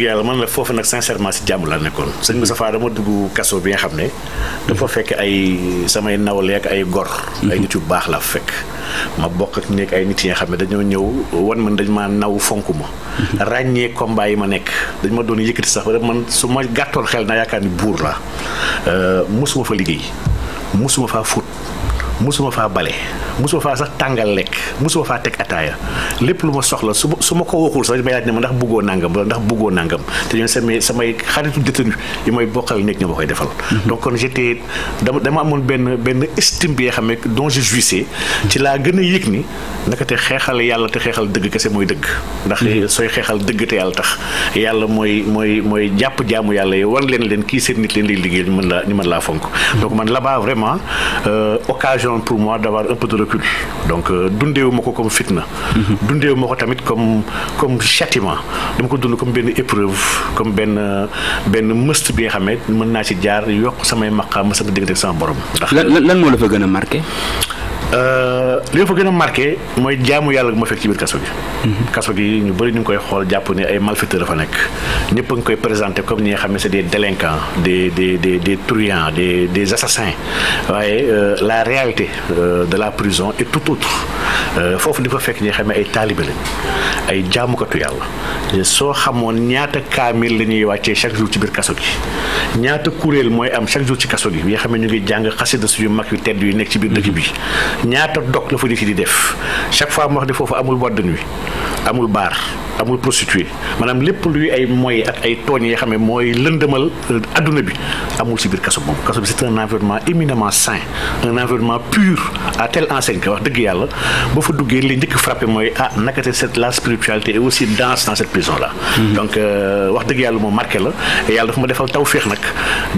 yàlla man la foofu nag sincèrement si jàmm laa nekkoon sëñ Moustapha dama dugg kaso bi nga xam ne dafa fekk ay samay nawle ak ay gor mhm. ay nit yu baax la fekk ma bokk ak nekk ay nit yi xam ne dañoo ñëw wan man dañ maa naw fonk ma mhm. ràññee combat yi ma nekk dañ ma doon yëkkati sax man su ma gàttoon xel naa yaakaar ni buur la euh, mosuma fa liggéey mosuma faa fóot mosuma faa bale mosoo faa sax tàngal lekk mosoo faa teg ataaya lépp lu ma soxla su ma su ma ko waxul sax ma ndax bëggoo nangam wala ndax bëggoo nangam te ñun samay samay xaritu détenu yi may bokkal nekk ñoo ma koy defal. Mhm. donc kon j'étais dama amoon benn benn estime bi nga xam ne dont je ci laa gën a yëg ni naka te xeexal yàlla te xeexal dëgg kese mooy dëgg. ndax mhm. sooy xeexal dëgg te yàlla tax yàlla mooy mooy mooy jàpp jaamu yàlla yi war leen leen kii seen nit leen lay liggéey ñu mën laa ñu mën laa fonk. Mhm. donc man là-bas vraiment euh, occasion pour moi d'avoir un recul donc euh, dundeewu ma ko comme fitna. Mhm. dundeewu ma ko tamit comme comme châtiment dama ko dund comme benn épreuve comme benn benn mëst bi nga xam ne mën naa ci jaar yokk samay maqaam sama diggante sama borom. ndax lan lan moo la fa gën a marqué. Euh, li nga fa gën a marqué mooy jaamu yàlla ma fekk ci biir kaso gi. Mhm. kaso gi ñu bëri ñu ngi koy xool jàpp ne ay malfaiteurs fa nekk ñëpp a ngi koy présenté comme ñi nga xam ne c'est de délinquants de des des des truands des des assassins waaye euh, la réalité euh, de la prison est tout autre. Euh, foofu di ko fekk ñi xamee ay taalibe lañ ay jaamukatu yàlla soo xamoon ñaata kaamil la ñuy wàccee chaque jour ci biir kaso gi ñaata kuréel mooy am chaque jour ci kaso gi yi nga xam ne ñu ngi jàng xasida suñu mag yu tedd yu nekk ci biir dëkk bi ñaata dog la fa di ci di def chaque fois mu wax ne foofu amul boîte de nuit amul baar amul prostituée maanaam lépp luy ay moy ak ay tooñ yi xam ne mooy lëndëmal euh, adduna bi amul si biir kaso boobu kaso bi c'est un environnement éminemment sain un environnement pur à telle enseigne wax dëgg yàlla boo fa duggee li njëkk frappé mooy ah nakate cette la spiritualité et aussi danse dans cette prison là mm-hmm. donc euh, wax dëgg yàlla moo marqué la yàlla dafa ma defal taw féex nag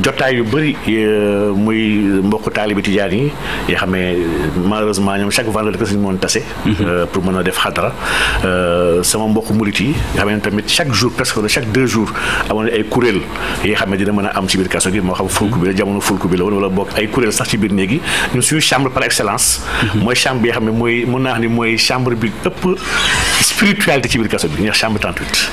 jotaay yu bëri euh, muy mbokku taalibi tijaan yi yoo xam ne malheureusement ñoom chaque vendredi que suñu moon pour mën a def xadara sama mbokk jullit yi nga xam ne tamit chaque jour presque wala chaque deux jours amoon ay kuréel yi xam ne dina mën a am ci biir kaso bi moo xam fulku bi la jamono fulku bi la woon wala bokk ay kuréel sax ci biir mhm. mooy chambre bi nga xam ne mooy ni mooy chambre bi ëpp spiritualité ci bi ñu wax chambre 38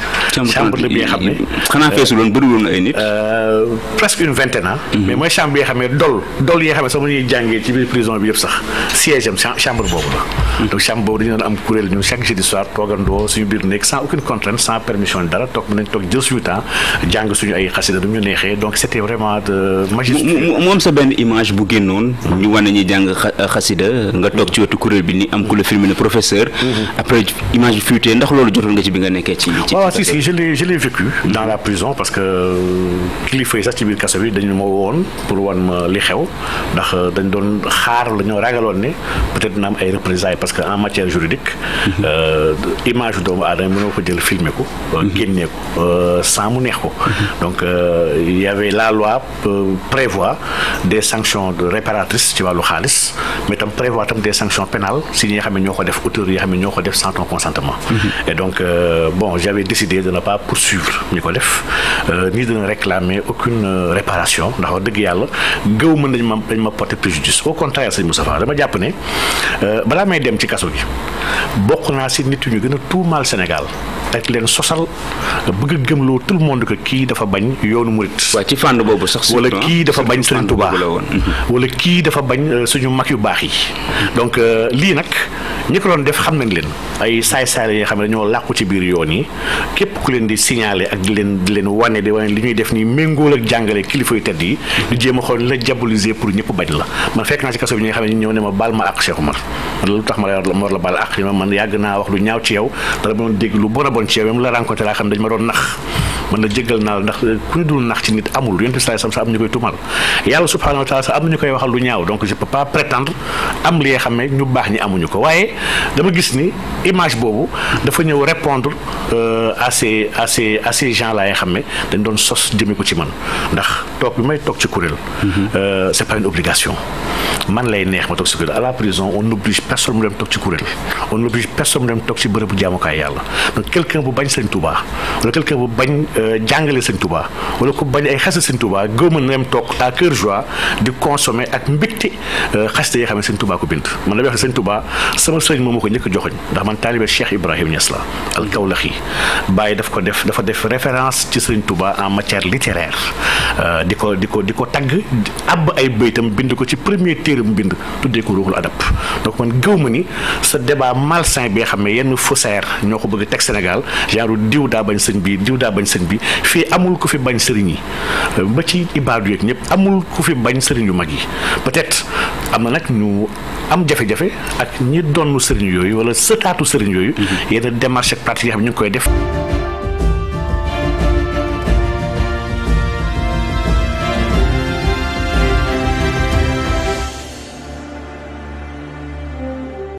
chambre la bi nga xam ne xanaa feesu loon bëriwoon ay nit euh, presque une vingtaine ans mhm. mais mooy chambre bi nga xam ne dol dol yi nga xam ne sax ñuy jàngee ci biir prison bi yëpp sax siège am chambre boobu la donc chambre boobu dañu doon am kuréel ñun chaque jeudi soir toogandoo suñu biir néeg sans aucune contrainte sans permission dara toog mën nañ toog jël suñu temps jàng suñu ay xasida du ñu neexee donc c' vraiment de majestueux moom sa benn image bu génnoon ñu wane ñi jàng euh, xasida nga toog ci wetu kuréel bi ni am ku la filmé ne professeur mm-hmm. après image bi fuité ndax loolu jotoon nga ci bi nga nekkee ci waaw si si je l'ai je l'ai vécu mm-hmm. dans euh, bi li xew ndax euh, dañ la ñoo ragaloon parce que en matière juridique. Mhm. Euh, image yu doomu aadama mënoo ko jël filmer ko. Euh, mhm. génnee ko euh, sans mu neex ko. Mhm. donc y avait la loi prévoit des sanctions de réparatrices ci wàllu xaalis mais tam prévoit tam des sanctions pénales si ñi nga xam ne ñoo ko def auteurs yi nga xam ne ñoo ko def sans ton consentement. et donc bon j'avais décidé de ne pas poursuivre ñi ko def ni de ne réclamer aucune réparation ndax wax dëgg yàlla gëw mën dañ ma dañ ma porter préjudice au contraire sëñ Moustapha dama jàpp ci kaso gi bokk naa si nit ñu gën a tuumaal Sénégal ak leen sosal bëgg a gëmloo tout le monde kii dafa bañ yoonu murit waaw ci fànn boobu sax ah, wala kii dafa bañ Sëriñ Tuubaa wala kii dafa bañ suñu mag yu baax yi mm-hmm. donc euh, lii nag ñi ko doon def xam nañ leen ay saay-saay la yoo xam ne dañoo làqu ci biir yoon yi képp ku leen di signaler ak di leen di leen wane di wane li ñuy def nii méngool ak jàngale kilifa yu tedd yi di jéem a xool la diaboliser pour ñëpp bañ la man fekk naa ci kaso bi ñi nga xam ne ñu ñëw ne ma baal ma ak Cheikh Oumar lu tax ma la war la baal ak man yàgg naa wax lu ñaaw ci yow dara ma doon dégg lu bon a bon ci yow même la rencontré laa xam dañ ma doon nax man la jéggal naa la ndax ku ñu dul nax ci nit amul yonent bi sallallahu alayhi sa am ñu koy tumal yàlla subhanahu wa taala sa am nañu koy waxal lu ñaaw donc je peux pas prétendre am li nga xam ne ñu baax ñi amuñu ko waaye dama gis ni image boobu dafa ñëw répondre euh, à ces à ces à ces gens xam ne dañ doon sos jëmee ko ci man ndax toog bi may toog ci kuréel mhm. euh, c'est pas une obligation man lay neex ma toog si kuréel à la prison on n'oblige personne mu dem toog ci kuréel on n'oblige personne mu dem toog ci bërëbu jaamukaay yàlla donc bu bañ sëñ Touba wala quelqu'un bu bañ euh, jàngale sëñ Touba wala ko bañ ay xase sëñ Touba gëmën na dem toog à cœur joie di consommer ak mbégte euh, xaste yi xam ne sëñ ko bind man la wax ne sëñ Touba sama sëriñ moom ma ko njëkk joxoñ ndax man taalibe Cheikh Ibrahim Niass la alkawlaxi bàyyi daf ko def dafa def référence ci sëñ tubaa en matière littéraire euh, di ko di ko di ko tagg ab ay bëytam bind ko ci téere mu bind tuddee ko ruuxul adab donc man gëw ma ni ce débat malsain bi nga xam ne yenn faussaires ñoo ko bëgg teg Sénégal genre diw daa bañ sëñ bi diw daa bañ sëñ bi fii amul ku fi bañ sëriñ yi euh, ba ci ibaadu yeeg ñëpp amul ku fi bañ sëriñ yu mag yi peut-être am na nag ñu am jafe-jafe ak ñi donnu sëriñ yooyu wala sëtaatu sëriñ yooyu mm-hmm. yenn démarche ak pratique yi xam ne ñu ngi koy def